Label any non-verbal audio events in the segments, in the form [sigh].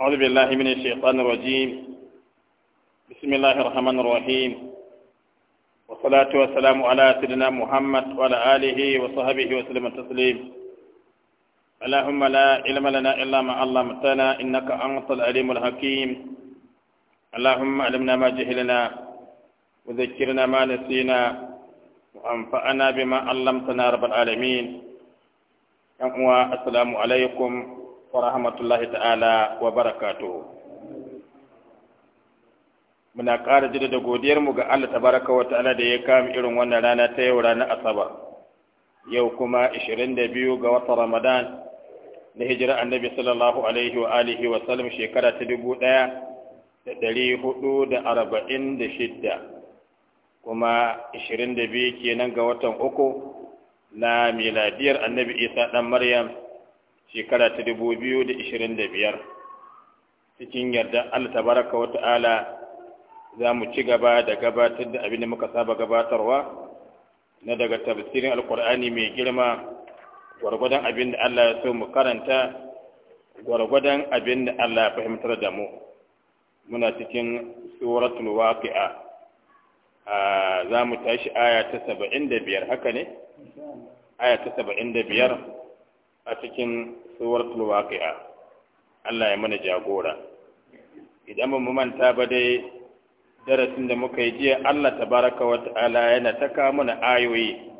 أعوذ بالله من الشيطان الرجيم بسم الله الرحمن الرحيم والصلاة والسلام على سيدنا محمد وعلى آله وصحبه وسلم التسليم اللهم لا علم لنا إلا ما علمتنا إنك أنت العليم الحكيم اللهم علمنا ما جهلنا وذكرنا ما نسينا وأنفعنا بما علمتنا رب العالمين السلام عليكم ورحمة ta'ala wa وبركاته muna ƙara jira da godiyar mu ga Allah tabaraka wa ta'ala da ya kama irin wannan rana ta yau ranar asabar yau kuma 22 ga watan ramadan na hijira annabi sallallahu alaihi wa alihi wa sallam shekara ta 1446 kuma 22 kenan ga watan uku na miladiyar annabi isa dan maryam shekara ta dubu biyu da ishirin da biyar cikin yarda Allah tabaraka wa ta'ala za mu ci gaba da gabatar da abin da muka saba gabatarwa na daga tafsirin alkur'ani mai girma gwargwadon abin da Allah ya so mu karanta gwargwadon abin da Allah ya fahimtar da mu muna cikin suratul waqi'a za mu tashi aya ta saba'in da biyar haka ne aya ta saba'in da biyar a cikin suratul waqi'a Allah ya mana jagora idan ba manta ba dai darasin da muka yi jiya Allah tabaraka wa ta'ala yana ta kawo mana ayoyi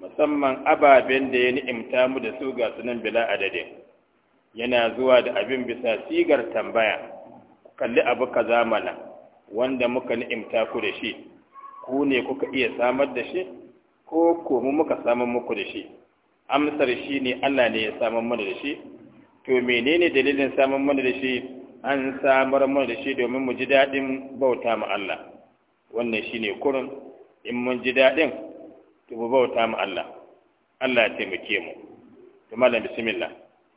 musamman ababen da ya ni'imta mu da su ga sunan bila adadin yana zuwa da abin bisa sigar tambaya kalli abu kaza zamana wanda muka ni'imta ku da shi ku ne kuka iya samar da shi ko komu muka samar muku da shi amsar shi ne Allah ne ya samar mana da shi to menene dalilin samar mana da shi an samar mana da shi domin mu ji daɗin bauta ma Allah wannan shi ne kurin in mun ji daɗin to mu bauta ma Allah Allah ya taimake mu to malam bismillah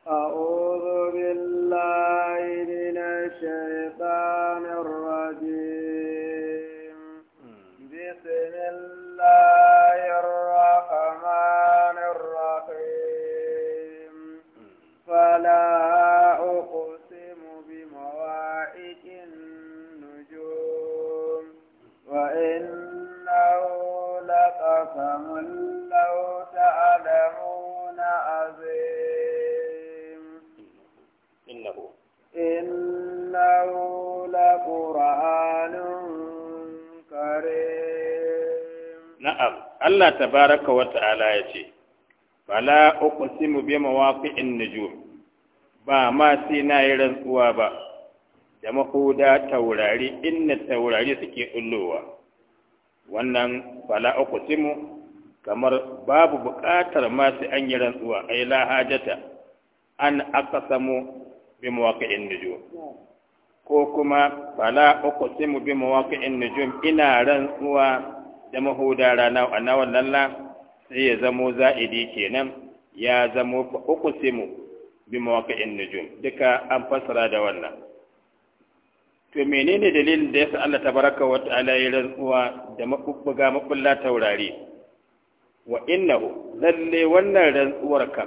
a'udhu billahi minash shaitanir rajim فلا أقسم بمواعق النجوم وإنه لقسم لو تعلمون عظيم إنه إنه لقرآن كريم نعم الله تبارك وتعالى يتي فلا أقسم بمواقع النجوم ba ma sai na yi rantsuwa ba da mahuda taurari inna taurari suke ɗullowa wannan Bala uku simu kamar babu buƙatar ma sai an yi rantsuwa ai la hajata an aqsamu bi mawaqi'in nujum ko kuma Bala uku simu bi mawaqi'in nujum ina rantsuwa da mahuda rana a nawan lalla sai ya zamo za'idi kenan ya zamo fa simu bi mawaqi'in nujum duka an fassara da wannan to menene dalilin da yasa Allah tabaraka wa ta'ala ya rantsuwa da mabubbuga mabulla taurari wa innahu lalle wannan rantsuwar ka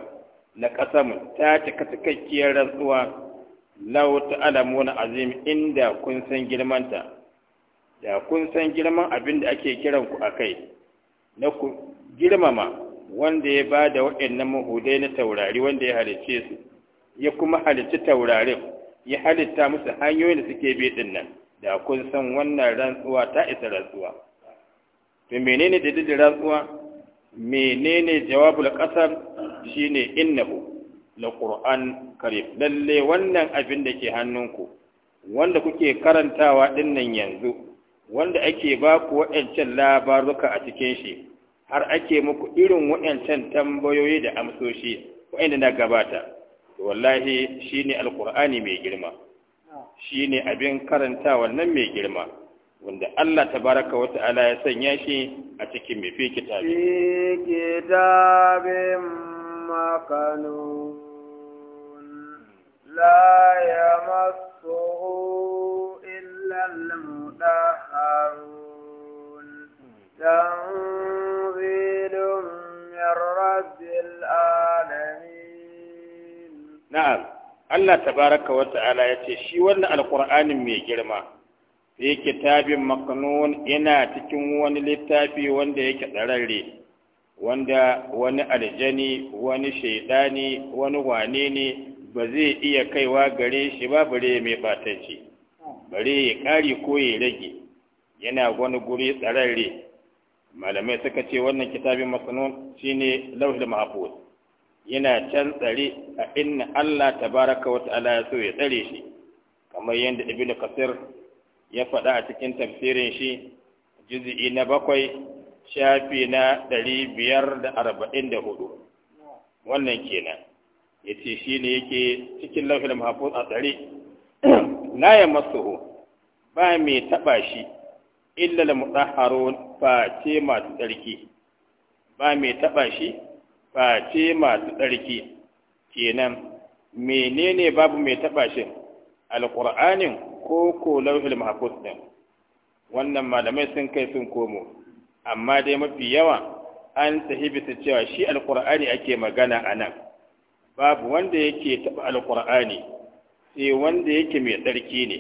na kasam ta cika cikakkiyar rantsuwa law ta'lamuna azim inda kun san girmanta da kun san girman abin da ake kiran ku akai na ku girmama wanda ya ba da waɗannan mahudai na taurari wanda ya halice su ya kuma halicci taurarin ya halitta musu hanyoyin da suke bi din nan da kun san wannan rantsuwa ta isa rantsuwa to menene dalilin rantsuwa menene jawabul qasar shine innahu laqur'an karim lalle wannan abin da ke hannunku wanda kuke karantawa dinnan yanzu wanda ake ba ku waɗancan labaruka a cikin shi har ake muku irin waɗancan tambayoyi da amsoshi waɗanda na gabata wallahi shi ne alƙur'ani mai girma shi ne abin karantawa nan mai girma wanda Allah ta baraka wata ala ya sanya shi a cikin mai fi kitabi kitabin makanun la yamassuhu illa lamuɗa harun. Allah tabaraka wa ta'ala ya ce shi wannan alƙur'anin mai girma yake kitabin maknun yana cikin wani littafi wanda yake tsararre wanda wani aljani wani shaidani wani wane ne ba zai iya kaiwa gare shi ba bare mai batanci bare ya kare ko ya rage yana wani guri tsararre malamai suka ce wannan kitabin shi ne lauhul mahfuz yana can tsare a inna Allah baraka wa ta'ala ya so ya tsare shi kamar yadda Ibn Kasir ya faɗa a cikin tafsirin shi juz'i na bakwai shafi na ɗari biyar da arba'in da hudu wannan kenan ya ce shi ne yake cikin lauhin mahafuz a tsare [clears throat] la ya masu ba mai taɓa shi illa da mutsaharun face masu tsarki ba mai taɓa shi face masu tsarki kenan menene babu mai taba shi alqur'anin ko ko lauhul mahfuz din wannan malamai sun kai sun komo amma dai mafi yawa an tahibita cewa shi alqur'ani ake magana anan babu wanda yake taba alqur'ani sai wanda yake mai tsarki ne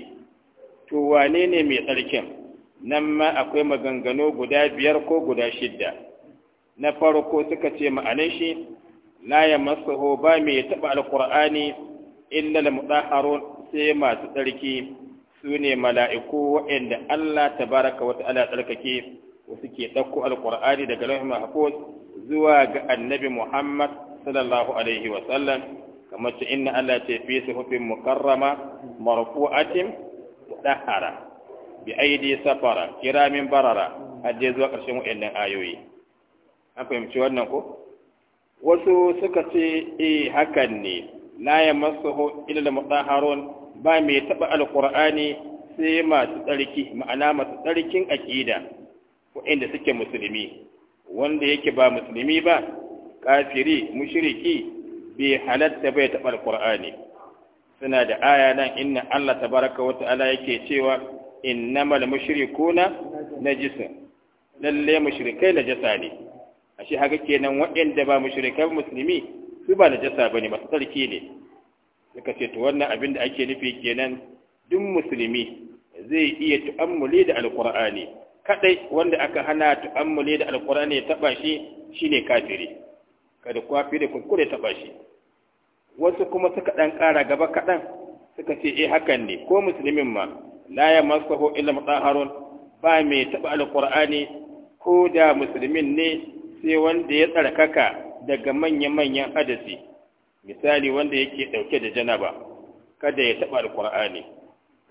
to wane ne mai tsarkin nan ma akwai maganganu guda biyar ko guda shidda na farko suka ce ma'anin shi la ya masaho ba mai taɓa alƙur'ani illa al-mutahharun sai masu tsarki su ne mala'iku waɗanda Allah baraka wata ala tsarkake ko suke ɗauko alƙur'ani daga lauhin mahfuz zuwa ga annabi Muhammad sallallahu alaihi wa sallam kamar ce inna Allah ce fi suhufin mukarrama marfu'atin mutahhara bi aidi safara kiramin barara har zuwa ƙarshen waɗannan ayoyi an fahimci wannan ko wasu suka ce e hakan ne la yamassuhu illa mutahharun ba mai taba alqur'ani sai masu tsarki ma'ana masu tsarkin akida inda suke musulmi wanda yake ba musulmi ba kafiri mushriki bai halatta bai taba alqur'ani suna da aya nan inna Allah tabaraka wa ta'ala yake cewa innamal mushrikuna najisun lalle mushrikai najasa ne ashe haka kenan waɗanda ba mushrikan musulmi su ba najasa bane masu sarki ne suka ce to wannan abin da ake nufi kenan duk musulmi zai iya tu'ammuli da alqur'ani kadai wanda aka hana tu'ammuli da alqur'ani ya taba shi shine kafiri kada kafiri kure taba shi wasu kuma suka dan kara gaba kadan suka ce eh hakan ne ko musulmin ma la yamassahu illa mutahharun ba mai taba alqur'ani ko da musulmin ne sai wanda ya tsarkaka daga manya-manyan hadasi misali wanda yake ɗauke da janaba kada ya taɓa alƙur'ani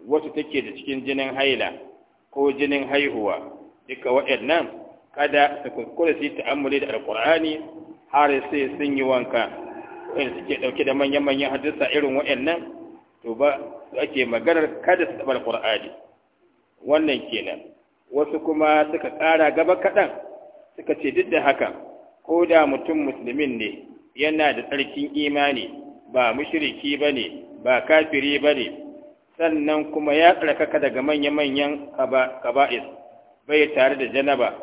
wasu take da cikin jinin haila ko jinin haihuwa duka waɗannan kada su kuskure su yi ta'ammuli da alƙur'ani har sai sun yi wanka in suke ɗauke da manya-manyan hadisa irin waɗannan to ba su ake maganar kada su taɓa alƙur'ani wannan kenan wasu kuma suka ƙara gaba kaɗan suka ce duk da haka ko da mutum musulmin ne yana da tsarkin imani ba mushiriki ba ne ba kafiri ba ne sannan kuma ya tsarkaka daga manya-manyan kaba'is bai tare da janaba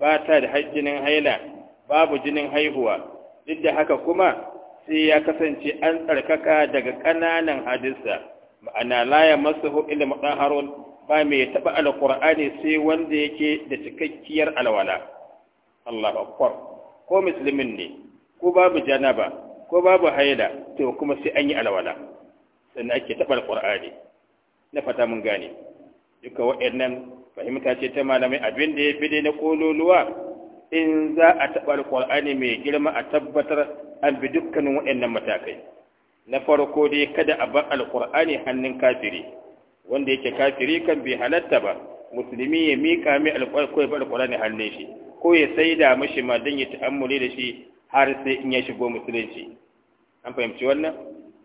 ba ta da hajjinin haila babu jinin haihuwa duk da haka kuma sai ya kasance an tsarkaka daga ƙananan hadisa ma'ana laya masu ilmi ɗan harun ba mai taɓa alƙur'ani sai wanda yake da cikakkiyar alwala Allahu akbar ko musulmin ne ko babu janaba ko babu haila to kuma sai an yi alwala sannan ake taɓa alƙur'ani na fata mun gane duka wa'annan fahimta ce ta malamai abin da ya fi dai na kololuwa in za a taɓa alƙur'ani mai girma a tabbatar an bi dukkanin waɗannan matakai na farko dai kada a bar alƙur'ani hannun kafiri wanda yake kafiri kan bai halatta ba musulmi ya mika mai alƙur'ani hannun shi ko ya da mashi ma don ya ta'ammuli da shi har sai in ya shigo musulunci an fahimci wannan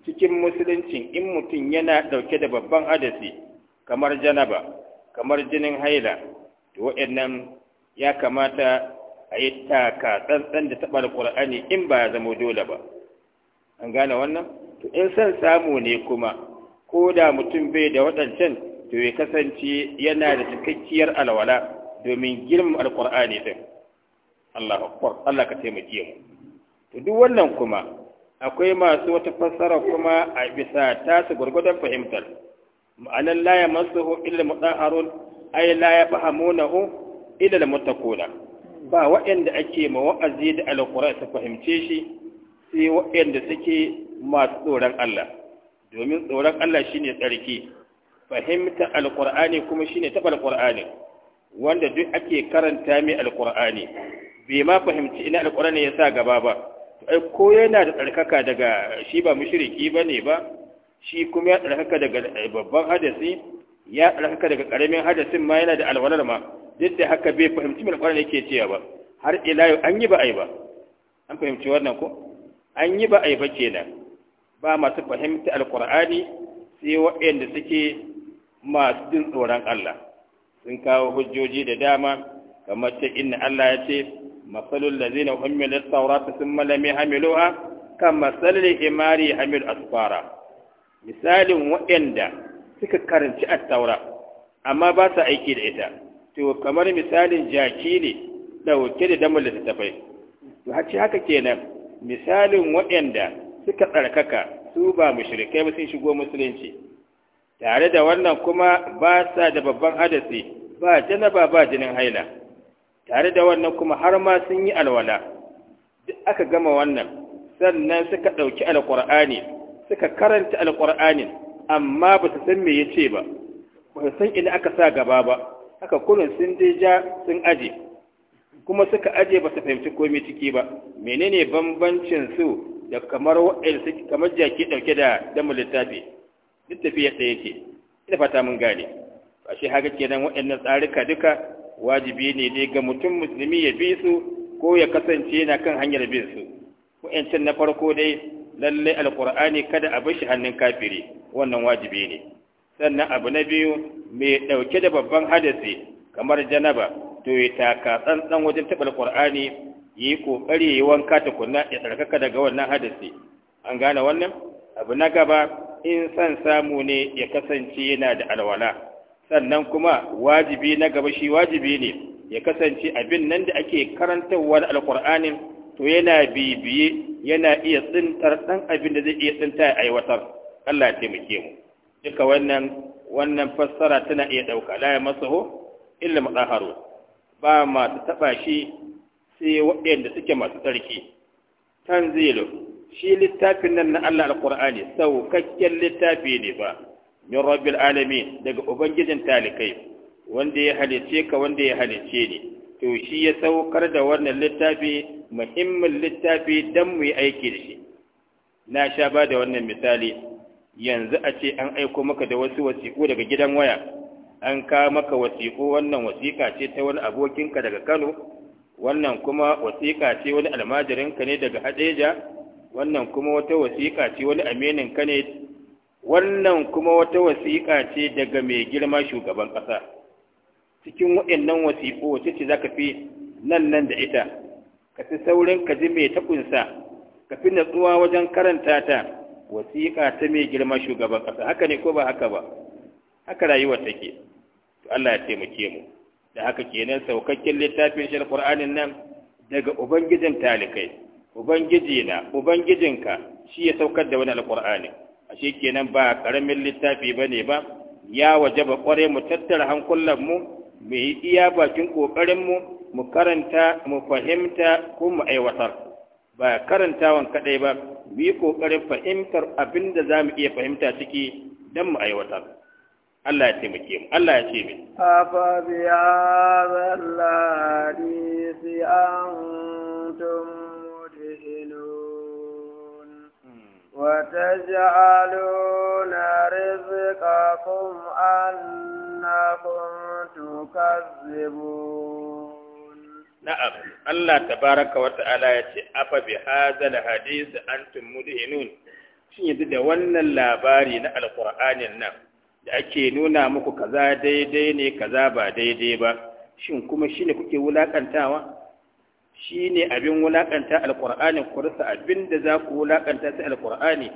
cikin musuluncin in mutum yana ɗauke da babban adasi kamar janaba kamar jinin haila to waɗannan ya kamata a yi taka tsantsan da taɓa Al-ƙur'ani, in ba ya zama dole ba an gane wannan to in son samu ne kuma ko da mutum bai da waɗancan to ya kasance yana da cikakkiyar alwala domin girmama alƙur'ani ɗin Allah akbar Allah ka taimake mu to duk wannan kuma akwai masu wata fassara kuma a bisa tasu gurgudan fahimtar ma'anar la ya masuhu illa mutahharun ay la ya fahamunahu illa muttaquna ba waɗanda ake ma wa'azi da alqur'ani su fahimce shi sai waɗanda suke masu tsoron Allah domin tsoron Allah shine tsarki fahimta alqur'ani kuma shine tabar qurani wanda duk ake karanta mai alqur'ani bai ma fahimci ina alƙur'ani ya sa gaba ba ai ko yana da tsarkaka daga shi ba mushriki bane ba shi kuma ya tsarkaka daga eh, babban hadasi ya tsarkaka daga karamin hadasin ma yana da alwalar ma duk da haka bai fahimci mai alƙur'ani yake cewa ba har ila yau an yi ba ai ba an fahimci wannan ko an yi ba ai ba kenan ba masu fahimta alƙur'ani sai waɗanda suke masu jin tsoron Allah sun kawo hujjoji da dama kamar ta inna Allah ya ce masalul lazina hummilat tawrata thumma kan yahmiluha imari salil himari hamil asfara misalin waɗanda suka karanci taura, amma ba su aiki da ita to kamar misalin jaki ne ɗauke da damar littattafai to haci haka kenan misalin waɗanda suka tsarkaka su ba mushrikai ba sun shigo musulunci tare da wannan kuma ba sa da babban hadasi ba janaba ba jinin haila tare da wannan kuma har ma sun yi alwala duk aka gama wannan sannan suka ɗauki alƙur'ani suka karanta alƙur'anin amma ba su san me ya ce ba ba su san ina aka sa gaba ba haka kurin sun je ja sun aje kuma suka aje ba su fahimci komai ciki ba menene bambancin su da kamar wa'ansu kamar jaki ɗauke da damar littafi duk tafiya ɗaya ce ina fata mun gane ba shi haka kenan wa'annan tsarika duka wajibi ne dai ga mutum musulmi ya bi su ko ya kasance yana kan hanyar bin su wa'ancan na farko dai lallai alkur'ani kada a shi hannun kafiri wannan wajibi ne sannan abu na biyu mai ɗauke da babban hadasi kamar janaba to ya taka tsantsan wajen taɓa alkur'ani ya yi ƙoƙari ya yi wanka ta kunna ya tsarkaka daga wannan hadasi an gane wannan abu na gaba in son samu ne ya kasance yana da alwala sannan kuma wajibi na gaba shi wajibi ne ya kasance abin nan da ake karantarwa na alkur'anin to yana bibiye yana iya tsintar ɗan abin da zai iya tsinta ya aiwatar Allah ya taimake mu duka wannan wannan fassara tana iya ɗauka la ya masaho illa mutahharu ba masu taɓa shi sai waɗanda suke masu tsarki tanzilu shi littafin nan na Allah alkur'ani saukakken littafi ne ba min rabbil alamin daga ubangijin talikai wanda ya halice ka wanda ya halice ni to shi ya saukar da wannan littafi muhimmin littafi dan mu yi aiki da shi na sha ba da wannan misali yanzu a ce an aiko maka da wasu wasiƙu daga gidan waya an ka maka wasiƙu wannan wasiƙa ce ta wani abokinka daga Kano wannan kuma wasiƙa ce wani almajirinka ne daga Hadeja wannan kuma wata wasiƙa ce wani aminin ka ne wannan kuma wata wasiƙa ce daga mai girma shugaban ƙasa cikin waɗannan wasiƙo wacce ce za ka fi nan nan da ita ka fi saurin ka ji mai takunsa ka fi natsuwa wajen karanta ta wasiƙa ta mai girma shugaban ƙasa haka ne ko ba haka ba haka rayuwa take to Allah ya taimake mu da haka kenan saukakken littafin shi alƙur'anin nan daga ubangijin talikai ubangijina ubangijinka shi ya saukar da wani alƙur'ani ashe kenan ba karamin littafi bane ba ya waje ba kware mu tattara hankulan mu mu yi iya bakin kokarin mu mu karanta mu fahimta ko mu aiwatar ba karantawan kadai ba mu yi kokarin fahimtar abin da za iya fahimta ciki don mu aiwatar Allah ya taimake mu Allah ya ce min afa bi hadha antum وتجعلون رزقكم أنكم تكذبون na'am Allah tabaraka wa ta'ala ya ce afa bi hadzal hadith antum mudhinun shin da wannan labari na alqur'anin nan da ake nuna muku kaza daidai ne kaza ba daidai ba shin kuma shine kuke wulaƙantawa? shi ne abin wulaƙanta alƙur'ani ku rasa abin da za ku wulaƙanta ta alƙur'ani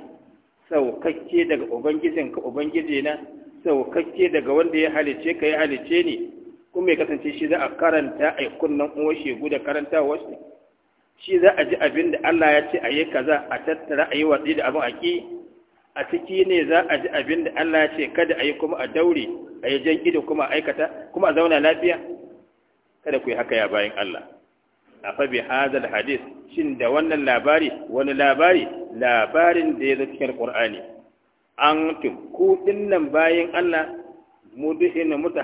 saukakke daga ubangijin ka ubangiji na saukakke daga wanda ya halice ka ya halice ne kuma ya kasance shi za a karanta a kunnan uwashe guda karanta washe shi za a ji abin da Allah ya ce a yi kaza a tattara a yi watsi da abin a ƙi a ciki ne za a ji abin da Allah ya ce kada a yi kuma a daure a yi jan ido kuma a aikata kuma a zauna lafiya kada ku yi haka ya bayan Allah A bi hadal hadis shin da wannan labari wani labari labarin da ya zo cikin qur'ani an tum ku dinnan bayin Allah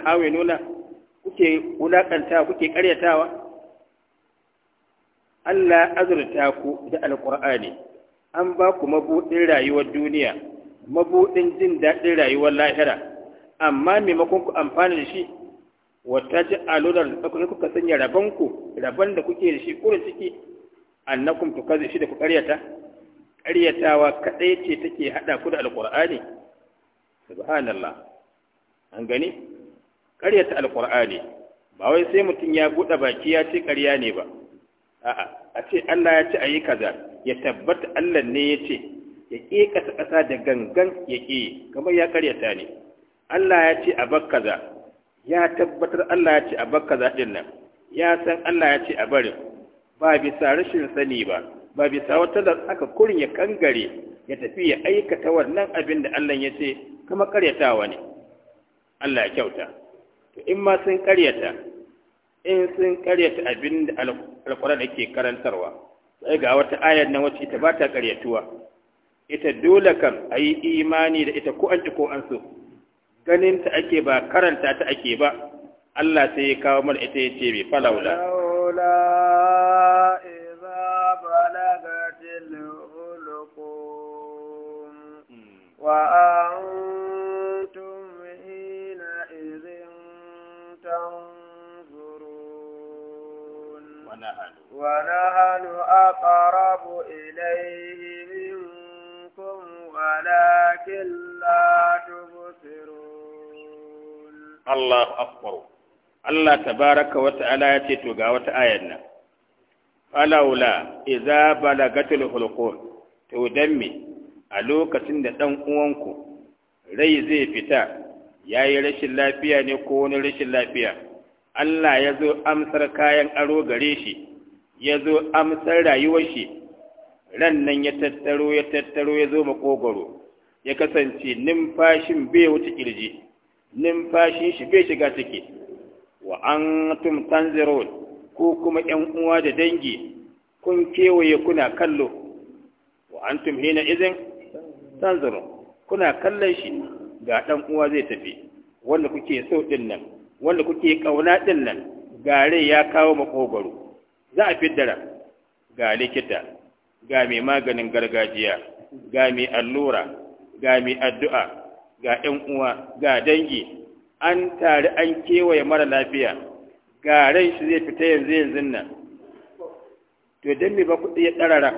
hawe nuna kuke wulakanta kuke karyatawa Allah azurta ku da Alƙur'ani. an ba ku mabudin rayuwar duniya mabuɗin jin daɗin rayuwar lahira amma maimakon ku amfana da shi wata ji alodar da kuka sanya rabanku raban da kuke da shi kurin ciki annakum to kaza shi da ku karyata karyatawa kadai ce take hada ku da alqur'ani subhanallah an gani karyata alqur'ani ba wai sai mutum ya buɗe baki ya ce karya ne ba a'a a ce Allah ya ce ayi kaza ya tabbata Allah ne ya ce ya ƙi ƙasa ƙasa da gangan ya ke kamar ya karyata ne Allah ya ce a bar kaza ya tabbatar Allah ya ce a bakka zaɗin nan ya san Allah ya ce a barin ba bisa rashin sani ba ba bisa wata da aka kurin ya kangare ya tafi ya aikata wannan abin da Allah ya ce kama karyatawa ne Allah ya kyauta to in ma sun karyata in sun karyata abin da da ke karantarwa sai ga wata ayar nan wacce ita ba ta karyatuwa ita dole kan ayi imani da ita ko an ci ko an so ganin ta ake ba karanta ta ake ba Allah sai ya kawo mana ita yace bai falaula laula idza balagatil ulqum wa antum hina idhin tanzurun wa nahnu wa nahnu aqrabu ilayhi minkum walakin la tubsirun Allahu akbar Allah tabaraka wa ta'ala ya ce to ga wata ayar nan falawla idza balagatul hulqum to dan me a lokacin da ɗan uwanku rai zai fita yayi rashin lafiya ne ko wani rashin lafiya Allah ya zo amsar kayan aro gare shi ya zo amsar rayuwar shi ran nan ya tattaro ya tattaro ya zo makogoro ya kasance numfashin bai wuce ƙirji. numfashin shi bai shiga ciki wa an tum ko kuma ‘yan uwa da dangi kun kewaye kuna kallo wa an tum hina izin tanzirun kuna kallon shi ga ɗan uwa zai tafi wanda kuke so ɗin nan wanda kuke ƙauna ɗin nan gare ya kawo makogwaro za a fidda ga likita ga mai maganin gargajiya ga mai allura ga mai addu'a ga 'yan uwa ga dangi an tare an kewaye mara lafiya ga rai shi zai fita yanzu yanzu nan to don me ba ku iya ɗarara,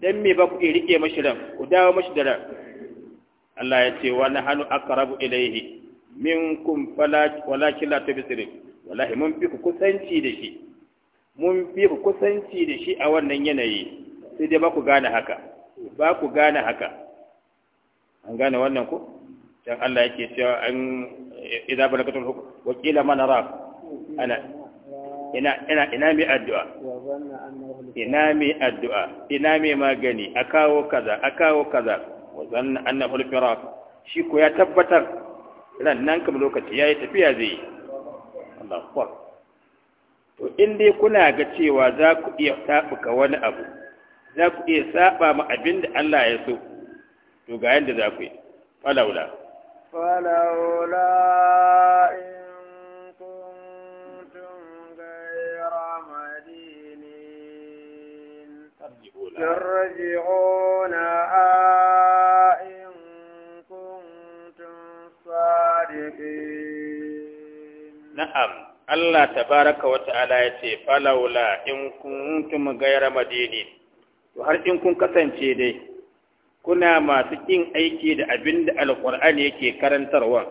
don me ba ku iya riƙe mashi ran ku dawo mashi da ran Allah ya ce wa nahanu aqrabu ilayhi min kun falaki la tubsirun wallahi mun fi ku kusanci da shi mun fi ku kusanci da shi a wannan yanayi sai dai ba ku gane haka ba ku gane haka an gane wannan ku? dan Allah yake cewa an idza balagatul hukm wa qila man ra ana ina ina ina mai addu'a ina mai addu'a ina mai magani a kawo kaza akawo kaza wa zanna annahu al-firaq shi ko ya tabbatar ran nan kam lokaci yayi tafiya zai Allah akbar to in dai kuna ga cewa za ku iya tabuka wani abu za ku iya saba ma abinda Allah ya so to ga yanda za ku yi falaula فلولا إن كنتم غير مدينين ترجعون إن كنتم صادقين نعم Allah tabaraka wa ta'ala ya ce, Falaula in kuntum gaira madini, to har in kun kasance dai, kuna masu kin aiki da abin da alƙur'ani yake karantarwa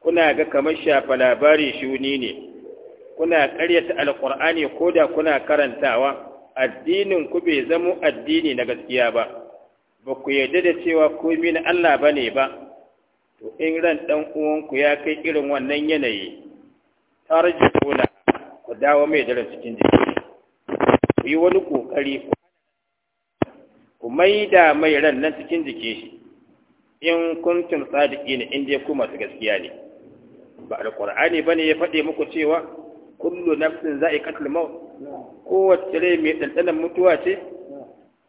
kuna ga kamar shafa labari shuni ne kuna ƙaryata alƙur'ani ko da kuna karantawa addinin ku bai zamo addini na gaskiya ba ba ku yarda da cewa komai na Allah ba ne ba to in ran ɗan uwanku ya kai irin wannan yanayi tarjuna ku dawo mai darasikin jiki ku yi wani ƙoƙari ku ku maida mai ran nan cikin jiki shi in kuntum sadiqina in dai ku masu gaskiya ne ba alqur'ani bane ya fade muku cewa kullu nafsin za'iqatul maut kowace rai mai dandanan mutuwa ce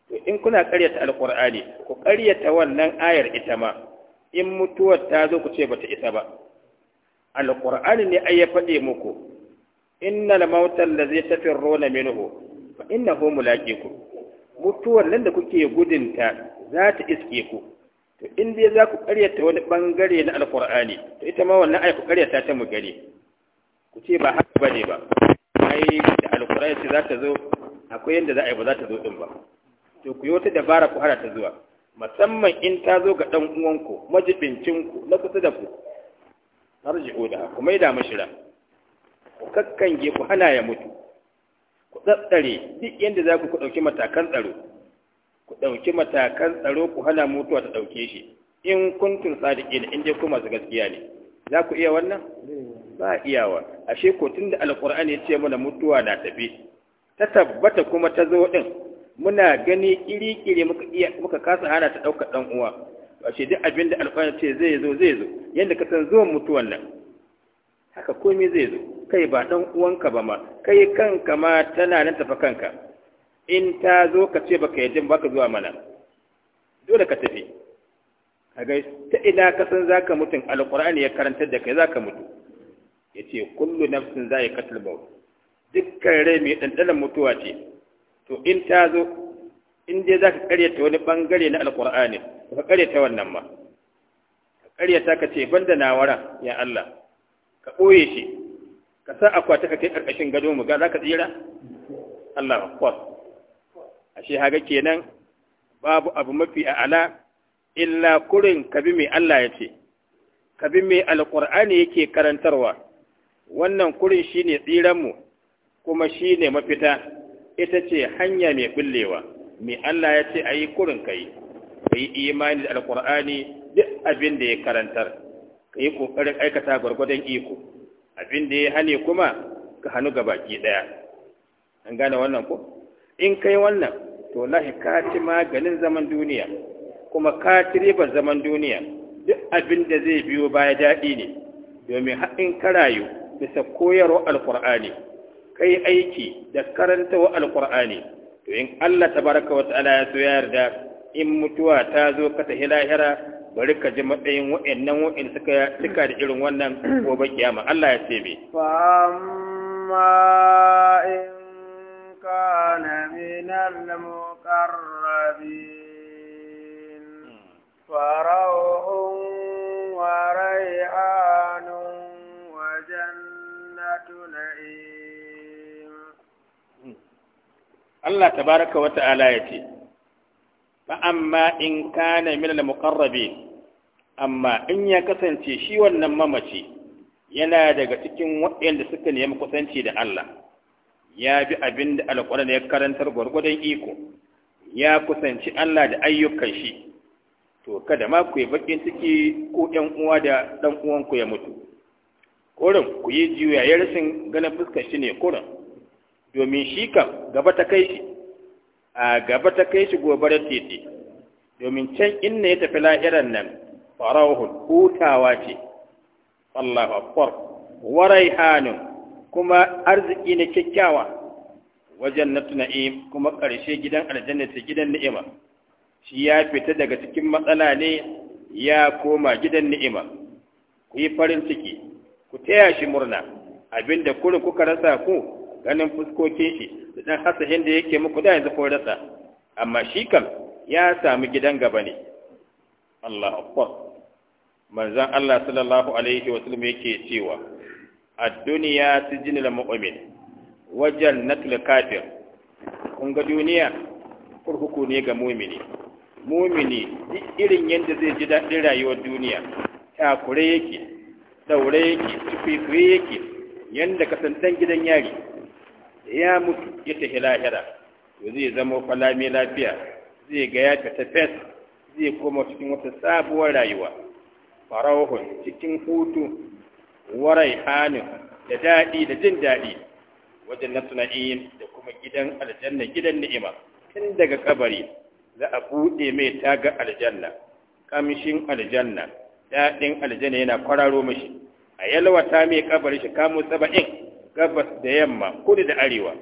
to in kuna ƙaryata alqur'ani ku ƙaryata wannan ayar ita ma in mutuwar ta zo ku ce bata isa ba alqur'ani ne ai ya faɗe muku innal mautal ladzi tafirruna minhu fa innahu mulaqikum mutuwar nan da kuke gudunta za ta iske ku to in dai za ku karyata wani bangare na alkur'ani to ita ma wannan ai ku karyata ta mu gare ku ce ba haka bane ba ai da alkur'ani ce za ta zo akwai yanda za a yi ba za ta zo din ba to ku yi wata dabara ku hada ta zuwa musamman in ta zo ga dan uwanku ku na kusa da ku har da ku maida mashira ku kakkange ku hana ya mutu ku tsattsare duk yadda za ku ɗauki matakan tsaro ku ɗauki matakan tsaro ku hana mutuwa ta ɗauke shi in kuntum sadiqina in je ku masu gaskiya ne za ku iya wannan ba a iyawa ashe ko da alqur'ani ya ce mana mutuwa na tafi ta tabbata kuma ta zo din muna gani kiri-kiri muka kasa hana ta ɗaukar ɗan uwa ashe duk abin da ce zai zo zai zo Yadda ka san zuwan mutuwan nan haka komai zai zo kai ba dan uwanka ba ma kai kanka ma tana nan tafa kanka in ta zo ka ce baka yadda baka zuwa mana dole ka tafi kaga ta ina ka san zaka mutum Alƙur'ani ya karanta da kai zaka mutu Ya ce kullu nafsin katil maut dukkan rai mai ɗanɗanan mutuwa ce to in ta zo in dai za ka karyata wani ɓangare na alƙur'ani ka karyata wannan ma ka karyata ka ce ban da nawara ya Allah ka ɓoye shi ka sa akwati ka kai ƙarƙashin gado mu ga za ka tsira Allah A shi haga kenan babu abu mafi a'ala illa kurin kabi mai Allah ya ce kabi mai alƙur'ani yake karantarwa wannan kurin shi ne tsiranmu kuma shi ne mafita ita ce hanya mai ɓullewa, mai Allah ya ce a yi kurin kai yi imani da alƙur'ani duk abin da ya karantar ka yi ƙoƙarin aikata gwargwadon iko abin da ya hane kuma ka hannu ga baki ɗaya an gane wannan ko in kai wannan to lahi ka ci maganin zaman duniya kuma ka ci ribar zaman duniya duk abin da zai biyo baya daɗi ne domin haɗin ka rayu bisa koyarwa alƙur'ani kai aiki da karantawa alƙur'ani to in Allah tabaraka wata ala ya so ya yarda in mutuwa ta zo ka tahi lahira bari ka ji matsayin wa'annan wa'in suka cika da irin wannan gobe kiyama Allah ya ce me fa amma in kana min al-muqarrabin farahun wa rayhanun wa jannatu na'im Allah tabaraka wa ta'ala ya ce fa amma in kana min al amma in ya kasance shi wannan mamaci yana daga cikin waɗanda suka nemi kusanci da Allah ya bi abin da alƙwarar ya karantar gwargwadon iko ya kusanci Allah da ayyukan shi to kada ma ku yi bakin ciki ko ɗan uwa da ɗan uwanku ya mutu kurin ku yi juya ya rashin ganin fuskar shi ne kurin domin shi kam gaba ta kai shi a gaba ta kai shi gobarar titi domin can inna ya tafi lahiran nan farahun hutawa ce Allahu akbar warai kuma arziki ne kyakkyawa wajen na na'im kuma ƙarshe gidan aljanna ta gidan ni'ima shi ya fita daga cikin matsala ne ya koma gidan ni'ima ku yi farin ciki ku taya shi murna abinda kurin kuka rasa ku ganin fuskokin shi da ɗan hasahin da yake muku da yanzu ko rasa amma shi kam ya sami gidan gaba ne Allah akwai manzan Allah sallallahu alaihi wa sallam yake cewa ad jini da mu'min Wajen na kafir kun ga duniya kurkuku ne ga mu'mini mumini duk irin yadda zai ji daɗin rayuwar duniya takure yake daure yake tukwikwe yake yadda kasantan gidan yari ya mutu ya tafi lahira to zai zama kwala mai lafiya zai ga ya ta fes zai koma cikin wata sabuwar rayuwa Farahun cikin hutu warai hannun da daɗi da jin daɗi wajen na na'im da kuma gidan aljanna gidan ni'ima tun daga kabari za a buɗe mai taga aljanna kamshin aljanna daɗin aljanna yana kwararo mashi a yalwata mai kabari shi kamo saba'in gabas da yamma kudu da arewa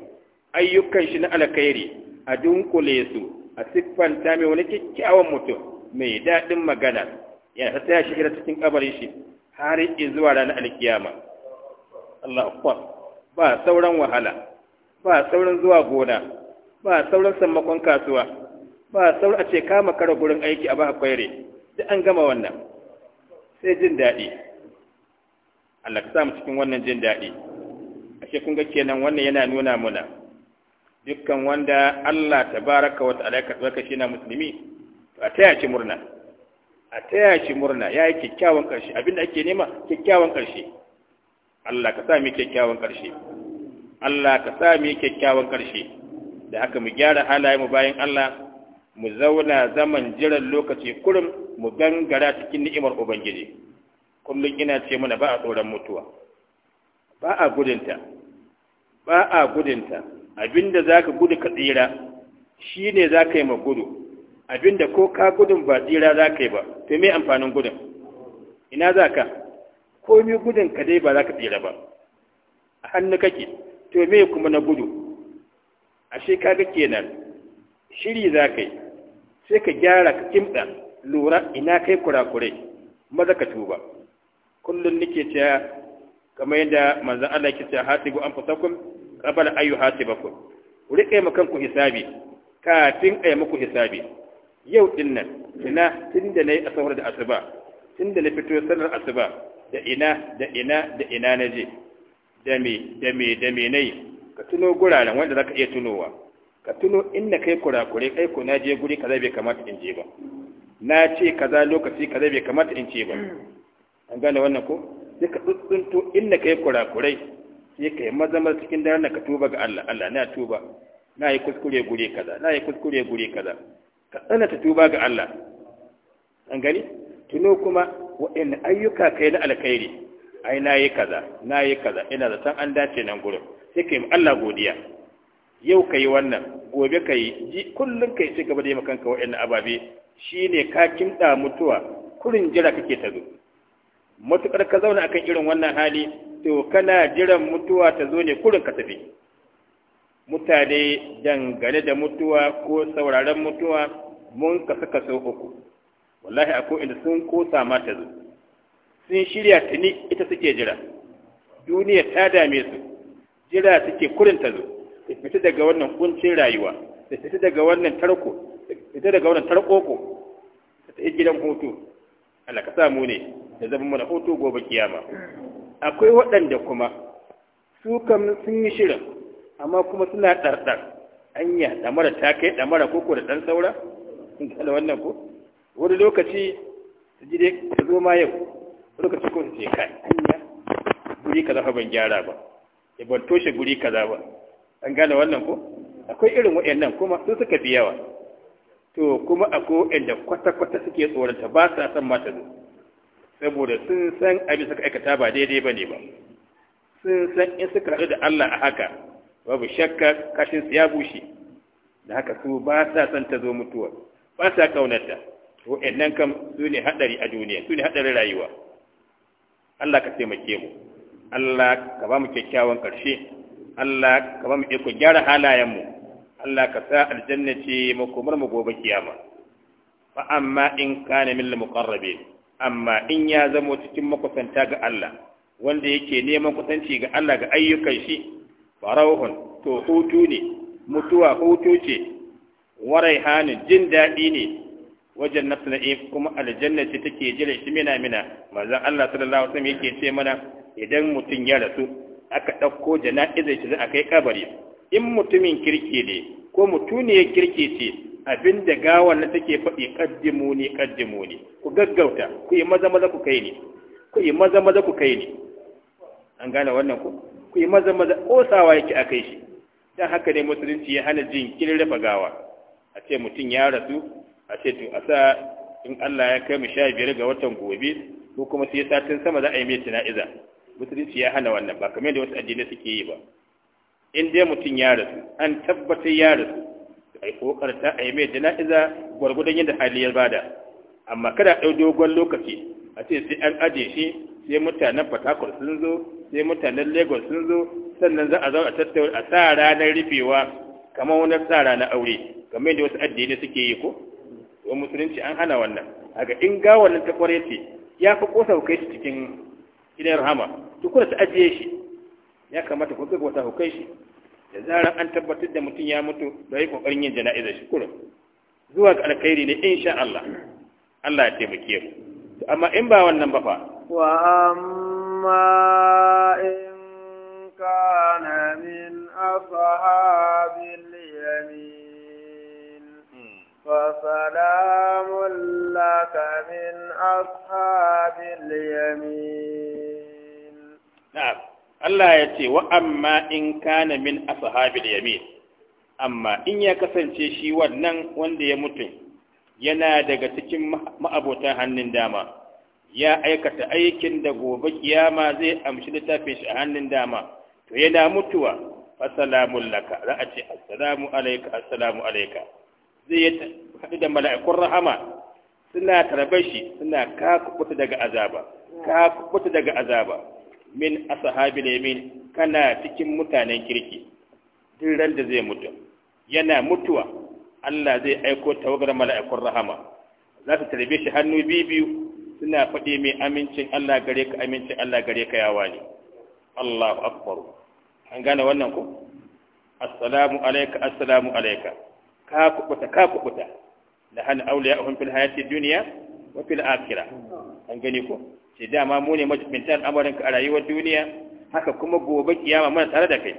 ayyukan shi na alkhairi a dunkule su a siffanta mai wani kyakkyawan mutum mai daɗin magana yana ta ya shi cikin kabarin shi har in zuwa ranar alkiyama Allah akbar ba sauran wahala ba sauran zuwa gona ba sauran sammakon kasuwa ba sauran a ce kama kara gurin aiki a ba kwaire da an gama wannan sai jin daɗi Allah ka samu cikin wannan jin daɗi ashe kun ga kenan wannan yana nuna muna dukkan wanda Allah tabaraka wa ta'ala ka tsaka shi na musulmi a taya shi murna a taya shi murna yayi kyakkyawan karshe da ake nema kyakkyawan karshe Allah ka sa mu kyakkyawan karshe Allah ka sa mu kyakkyawan karshe da haka mu gyara halaye mu bayan Allah mu zauna zaman jiran lokaci kurum mu gangara cikin ni'imar ubangiji kullum ina ce mana ba a tsoron mutuwa ba a gudunta ba a gudunta abinda za ka gudu ka tsira shi ne za ka yi ma gudu abinda ko ka gudun ba tsira za ka yi ba to me amfanin gudun ina za ka komi gudun ka dai ba za ka tsira ba a hannu kake to me kuma na gudu A ashe kaga kenan shiri za ka yi sai ka gyara ka kimɗa lura ina kai kurakurai maza ka tuba kullum nake cewa kamar yadda manzan Allah ya cewa hatibu an fasakun qabal an yuhasibakum rike mu kanku hisabi kafin ai muku hisabi yau din nan ina tunda nayi asawar da asuba tunda na fito sanar asuba da ina da ina da ina naje da me da me da me nayi ka tuno guraren wanda zaka iya tunowa ka tuno inna kai kurakure kai ko na je guri kaza bai kamata in je ba na ce kaza lokaci kaza bai kamata in ce ba an gane wannan ko sai ka tsuntsunto inna kai kurakurai sai ka yi mazamar cikin daren ka tuba ga Allah Allah na tuba na yi kuskure gure kaza na yi kuskure gure kaza ka ta tuba ga Allah an gani tuno kuma wa'in ayyuka kai na alkhairi ai na yi kaza na yi kaza ina da san an dace nan gurin sai ka yi Allah godiya yau ka yi wannan gobe ka yi kullum ka yi ci gaba da yi makanka wa'in ababe shi ne ka kimɗa mutuwa kurin jira kake ta zo matuƙar ka zauna akan irin wannan hali to kana jiran mutuwa ta zo ne kurin ka tafi mutane dangane da mutuwa ko sauraren mutuwa mun ka saka uku wallahi akwai inda sun kosa ma ta zo sun shirya tuni ita suke jira duniya ta dame su jira suke kurin ta zo ta fita daga wannan kuncin rayuwa ta fita daga wannan tarko ta fita daga wannan tarkoko su ta gidan hutu Allah ka samu ne da zama mana hutu gobe kiyama akwai waɗanda kuma su kam sun yi shirin amma kuma suna ɗarɗar anya ɗamara ta kai ɗamara koko da ɗan saura sun kala wannan ko wani lokaci su ji dai ta zo ma yau wani lokaci ko su ce kai anya guri kaza fa ban gyara ba ya eh, ban toshe guri kaza ba an gane wannan ko akwai irin waɗannan kuma su suka fi yawa to kuma akwai waɗanda kwata-kwata suke tsoronta ba sa san ma ta zo saboda sun san abin suka aikata ba daidai ba ne ba sun san in suka haɗu da Allah a haka babu shakka kashin su ya bushe da haka su ba sa son ta zo mutuwa ba sa kaunarta wa'annan kam su ne haɗari a duniya su ne haɗarin rayuwa Allah ka taimake mu Allah ka ba mu kyakkyawan ƙarshe Allah ka ba mu iko gyara halayenmu Allah ka sa aljanna ce makomar mu gobe kiyama fa amma in kana min al ƙarrabe amma in ya zama cikin makusanta ga Allah wanda yake neman kusanci ga Allah ga ayyukan shi farauhun to hutu ne mutuwa hutu ce warai hanin jin daɗi ne wajen nafsu in kuma aljanna ce take jira shi mina mina manzon Allah sallallahu alaihi wasallam yake ce mana idan mutum ya rasu aka ɗauko jana'izar shi za a kai kabari in mutumin kirki ne ko ya kirki ce Abin da gawar na take faɗi ƙaddimu ne ƙaddimu ne ku gaggauta ku yi maza maza ku kai ne ku yi maza maza ku kai ne an gane wannan ku ku yi maza maza kosawa yake a kai shi don haka ne musulunci ya hana jin kirin rafa gawa a ce mutum ya rasu a ce to a sa in Allah ya kai mu sha biyar ga watan gobe ko kuma sai satin sama za a yi mai tuna'iza musulunci ya hana wannan ba kamar yadda wasu addinai suke yi ba in dai mutum ya rasu an tabbatar ya rasu a yi kokarta a yi mai jana'iza gwargwadon yadda hali ya bada amma kada ɗau dogon lokaci a ce sai an aje shi sai mutanen fatakur sun zo sai mutanen lagos sun zo sannan za a zo a tattauna a sa ranar rufewa kamar wani sa ranar aure kamar yadda wasu addini suke yi ko wa musulunci an hana wannan aga in ga wannan ta kware ce ya fi kosa kai shi cikin gidan rahama to kuma ta ajiye shi ya kamata ku ga wata hukai shi da zarar an tabbatar da mutum ya mutu da yi kokarin yin jana'izar shi zuwa ga alkhairi ne sha Allah Allah ya taimake mu amma in ba wannan ba fa wa amma in kana min ashabil yamin fa salamun laka min ashabil yamin na'am Allah ya ce wa amma in kana min ashabil yamin amma in ya kasance shi wannan wanda ya mutu yana daga cikin ma'abotan hannun dama ya aikata aikin da gobe kiyama zai amshi littafin shi a hannun dama to yana mutuwa assalamun laka za a ce assalamu alaika assalamu alaika zai haɗu da mala'ikun rahama suna tarbe shi suna ka daga azaba ka daga azaba min ashabil yamin kana cikin mutanen kirki duk ran da zai mutu yana mutuwa Allah zai aiko tawagar mala'ikun rahama za su tarbe shi hannu biyu suna faɗi mai amincin Allah gare ka amincin Allah gare ka yawa ne Allahu akbar an gane wannan ko assalamu alayka assalamu alayka ka kubuta ka kubuta la han awliya'uhum fil hayati dunya wa fil akhirah an gani ko da dama mu ne majibintar al'amarin a rayuwar duniya haka kuma gobe kiyama mana tare da kai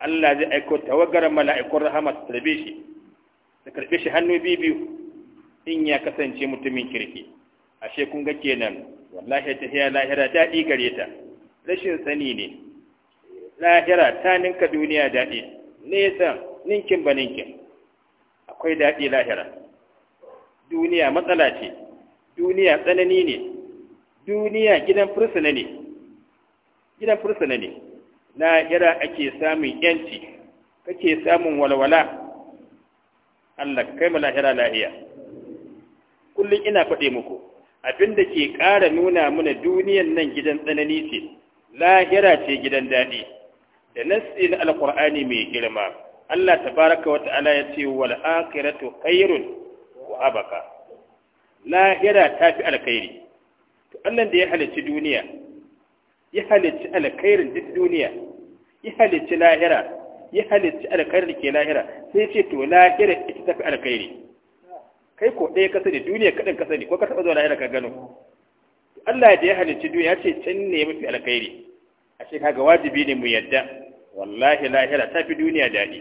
Allah zai aiko tawagar mala'ikun rahama su tarbe shi su karbe shi hannu biyu in ya kasance mutumin kirki ashe kun ga kenan wallahi ta hiya lahira daɗi gare ta rashin sani ne lahira ta ninka duniya daɗi nesa ninkin ba ninkin akwai daɗi lahira duniya matsala ce duniya tsanani ne duniya gidan fursuna ne gidan fursuna ne na ira ake samun yanci kake samun walwala Allah kai mu lahira lahiya kullum ina faɗe muku abin da ke ƙara nuna mana duniyan nan gidan tsanani ce lahira ce gidan daɗi da nassi na alƙur'ani mai girma Allah Ta baraka wa ta'ala ya ce wal akhiratu khairun wa abaka lahira ta fi alkhairi Allah da ya halicci duniya ya halicci alkhairin duk duniya ya halicci lahira ya halicci alkhairin ke lahira sai ce to lahira ita tafi alkhairi kai ko ɗaya kasa ne duniya kaɗan kasa ne ko ka taɓa zuwa lahira ka gano Allah da ya halicci duniya ce can ne mafi alkhairi ashe kaga wajibi ne mu yadda wallahi lahira ta fi duniya daɗi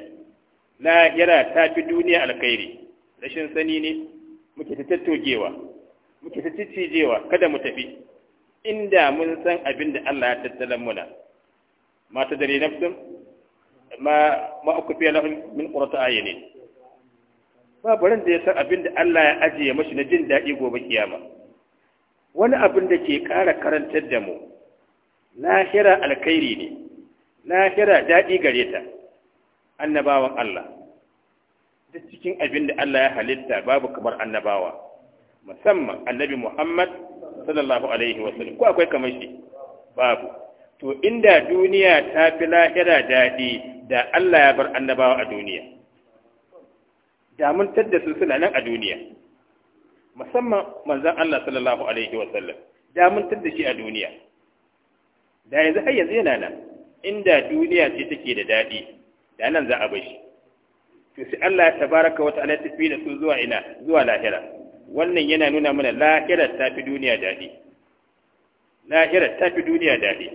lahira ta fi duniya alkhairi rashin sani ne muke ta tattogewa muke ta cicijewa kada mu tafi inda mun san abin da Allah ya tattala muna ma ta dare nafsin ma ma akufiya lahum min qurrata ayni ba barin da ya san abin da Allah ya ajiye mashi na jin daɗi gobe kiyama wani abin da ke ƙara karantar da mu lahira alkhairi ne lahira daɗi gare ta annabawan Allah duk cikin abin da Allah ya halitta babu kamar annabawa musamman annabi Muhammad sallallahu alaihi wasallam ko akwai kamar shi babu to inda duniya ta fi lahira daɗi da Allah ya bar annabawa a duniya da mun tadda su suna nan a duniya musamman manzon Allah sallallahu alaihi wasallam da mun tadda shi a duniya da yanzu har yanzu yana nan inda duniya ce take da daɗi da nan za a bar shi to sai Allah ya tabaraka wa ta'ala tafi da su zuwa ina zuwa lahira wannan yana nuna mana lahirar ta fi duniya daɗi lahirar ta fi duniya daɗi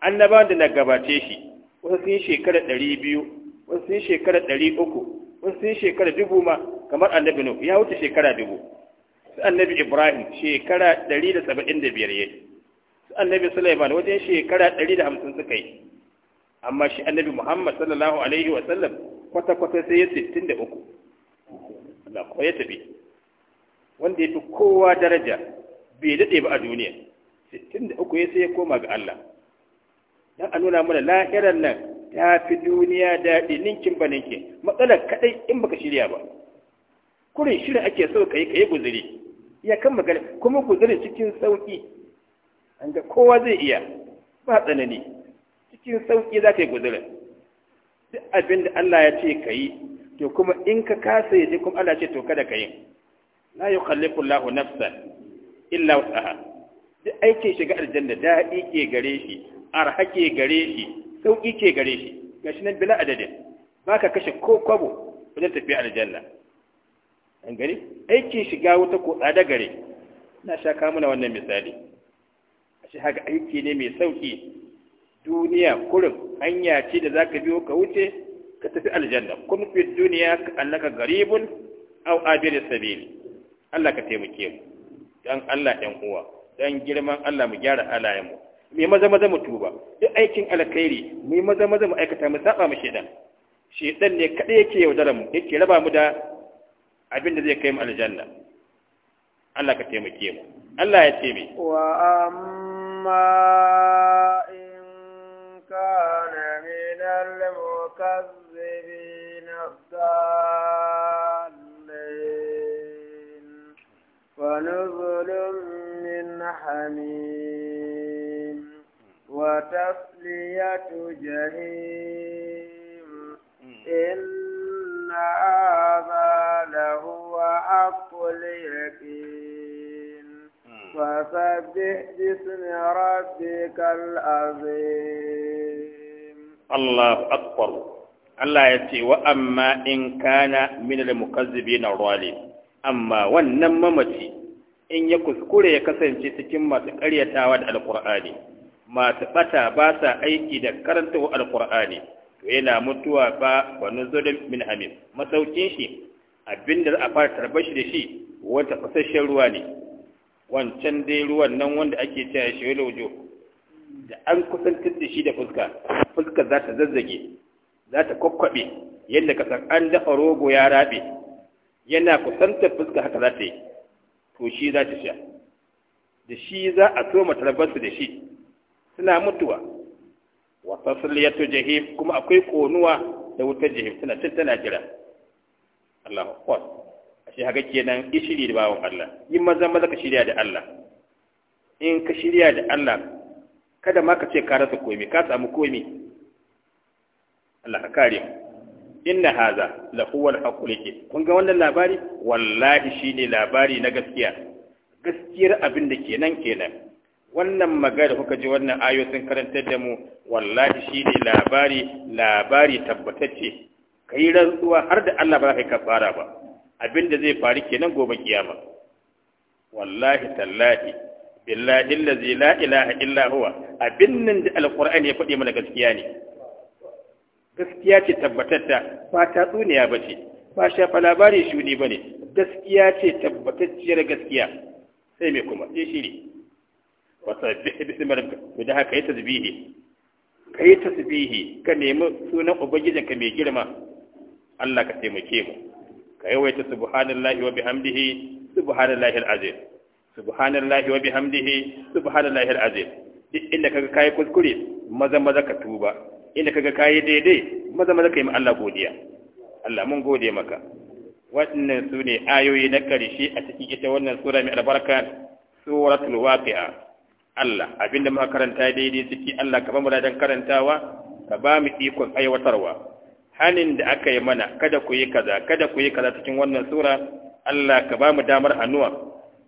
annabawan da na gabace shi wasu sun shekara ɗari biyu wasu sun shekara ɗari uku wasu sun shekara dubu ma kamar annabi nuhu ya wuce shekara dubu su annabi ibrahim shekara ɗari da saba'in da biyar yayi su annabi sulaiman wajen shekara ɗari da hamsin suka yi amma shi annabi muhammad sallallahu alaihi wa sallam kwata-kwata sai ya sittin da uku Allah ko ya tafi wanda ya fi kowa daraja bai daɗe ba a duniya sittin da uku ya sai ya koma ga Allah dan a nuna mana lahirar nan ta fi duniya daɗi ninkin ba ninkin matsalar kaɗai in baka shirya ba kurin shirin ake so ka yi ka yi guzuri ya kan magana kuma guzuri cikin sauƙi an ga kowa zai iya ba tsanani cikin sauƙi za ka yi guzurin duk abin da Allah ya ce ka yi to kuma in ka kasa ya je kuma Allah ce to kada ka yi la yukallifu llahu nafsan illa wus'aha duk aikin shiga aljanna daɗi ke gare shi arha ke gare shi sauƙi ke gare shi gashi nan bila adadin baka kashe ko kwabo wajen tafiya aljanna an gari aikin shiga wuta ko tsada gare na sha kamuna wannan misali ashe haka aiki ne mai sauƙi duniya kurin hanya ce da za ka biyo ka wuce ka tafi aljanna kun fi duniya ka allaka garibun aw abir sabili Allah ka taimake mu dan Allah ɗan uwa dan girman Allah mu gyara halayen mu mai maza maza mu tuba duk aikin alkhairi mu yi maza maza mu aikata mu saba mu shedan shedan ne kada yake yaudara mu yake raba mu da abin da zai kai mu aljanna Allah ka taimake mu Allah ya ce mai wa amma in kana min al-mukazzibin ونزل من حميم وتصلية جهيم إن هذا لهو حق اليقين فسبح باسم ربك العظيم الله أكبر الله يأتي وأما إن كان من المكذبين الظالمين amma wannan mamaci in ya kuskure ya kasance cikin masu karyatawa da alkur'ani masu bata ba sa aiki da karanta alkur'ani to yana mutuwa ba wani zodin min hamim masaukin shi abinda za a fara tarbar shi da shi wata fasashen ruwa ne wancan dai ruwan nan wanda ake cewa shi lojo da an kusantar da shi da fuska fuska za ta zazzage za ta kwakwabe yadda kasar an dafa rogo ya rabe yana kusantar fuska haka za ta yi to shi za ta sha da shi za a toma tarbarsu da shi suna mutuwa wata suliyatu jahif kuma akwai konuwa da wutar jahif suna cin tana jira Allahu akbar ashe haka kenan ishiri da bawon Allah yin maza maza ka shirya da Allah in ka shirya da Allah kada ma ka ce ka rasa komai ka samu komai Allah ka kare mu inna haza la kun ga wannan labari wallahi shine labari na gaskiya gaskiyar abin da kenan kenan wannan magana kuka ji wannan ayo karantar da mu wallahi shine labari labari tabbatacce kai rantsuwa har da Allah ba za ka kafara ba abin da zai faru kenan gobe kiyama wallahi tallahi billahi allazi la ilaha illa huwa abin nan da alqur'ani ya faɗi mana gaskiya ne gaskiya ce tabbatatta ba ta tsuniya ba ce ba shafa labari shuni ba ne gaskiya ce tabbatacciyar gaskiya sai mai kuma sai shi ne wasa bisimar da haka yi tasbihi ka yi tasbihi ka nemi sunan ubangijinka mai girma Allah ka taimake mu ka yawaita subhanallahi wa bihamdihi subhanallahi alazim subhanallahi wa bihamdihi subhanallahi alazim duk inda kaga kai kuskure maza maza ka tuba inda kaga kayi daidai maza maza kai ma Allah godiya Allah mun gode maka wannan su ne ayoyi na karshe a cikin ita wannan sura mai albarka suratul waqi'a Allah abinda muka karanta daidai ciki Allah ka ba mu ladan karantawa ka ba mu ikon aiwatarwa hanin da aka yi mana kada ku yi kaza kada ku yi kaza cikin wannan sura Allah ka ba mu damar annuwa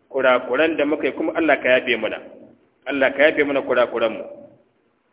kurakuran da muka yi kuma Allah ka yafe mana Allah ka yafe mana kurakuran mu